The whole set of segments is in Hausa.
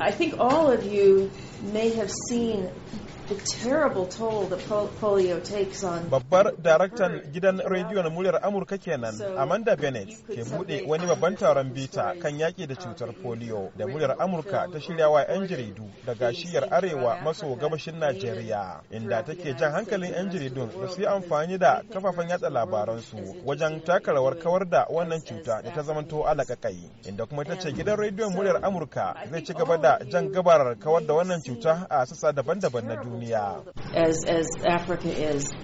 I think all of you may have seen Babbar daraktan gidan rediyon muryar Amurka kenan Amanda Bennett ke buɗe wani babban taron bita kan yaƙi da cutar polio da muryar Amurka ta shirya wa 'yan jaridu daga shiyar arewa maso gabashin Najeriya inda take jan hankalin 'yan jaridun da su yi amfani da kafafen yatsa labaransu wajen taka kawar da wannan cuta da ta zamanto alakakai inda kuma ta ce gidan rediyon muryar Amurka zai ci gaba da jan gabar kawar da wannan cuta a sassa daban-daban na duniya. duniya.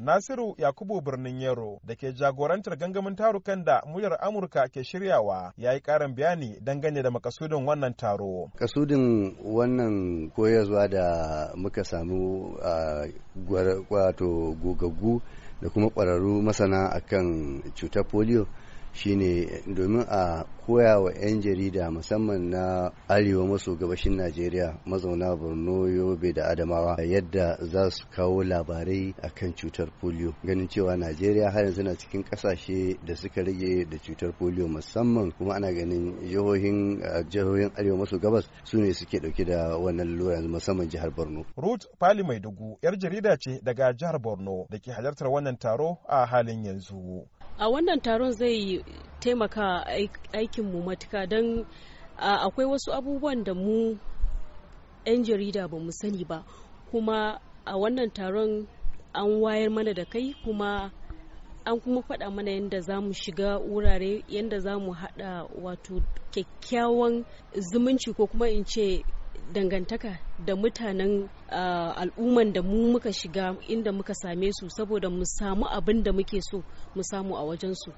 Nasiru Yakubu Birnin Yero da ke jagorantar gangamin tarukan da muryar Amurka ke shiryawa ya yi ƙarin bayani dangane da makasudin wannan taro. Kasudin wannan koyarwa da muka samu a gwato gogaggu da kuma ƙwararru masana akan cutar polio. shine domin a koya wa 'yan jarida musamman na arewa maso gabashin najeriya mazauna borno yobe da adamawa yadda za su kawo labarai a kan cutar polio ganin cewa najeriya har yanzu na cikin kasashe da suka rage da cutar polio musamman kuma ana ganin jihohin jihohin arewa maso gabas su ne suke dauke da wannan lura musamman jihar borno ruth fali mai dugu yar jarida ce daga jihar borno da ke halartar wannan taro a halin yanzu a wannan taron zai taimaka aikin mu matuka don akwai wasu abubuwan da mu 'yan jarida ba mu sani ba kuma a wannan taron an wayar mana da kai kuma an kuma faɗa mana yadda za mu shiga wurare yadda za mu haɗa wato kyakkyawan zumunci ko kuma in ce dangantaka da mutanen uh, al'umman da mu muka shiga inda muka same su saboda mu samu abin da muke so mu samu a wajen su.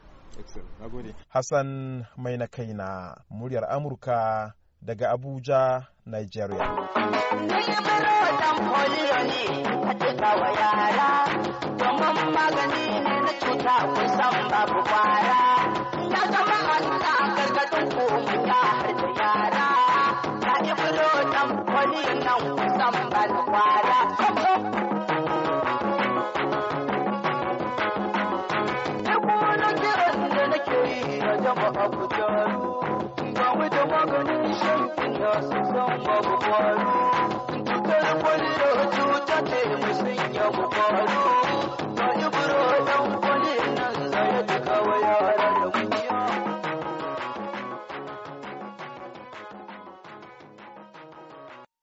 Hassan mai na kai na muryar Amurka daga Abuja, Nigeria. nan wani nan kusan balwala. Duk wani kiran da nake yi na jama ku taru, ba wajen maganin shan kina su san babu kwaru. Cutar kwallo cuta ce mu sun yabu kwaru.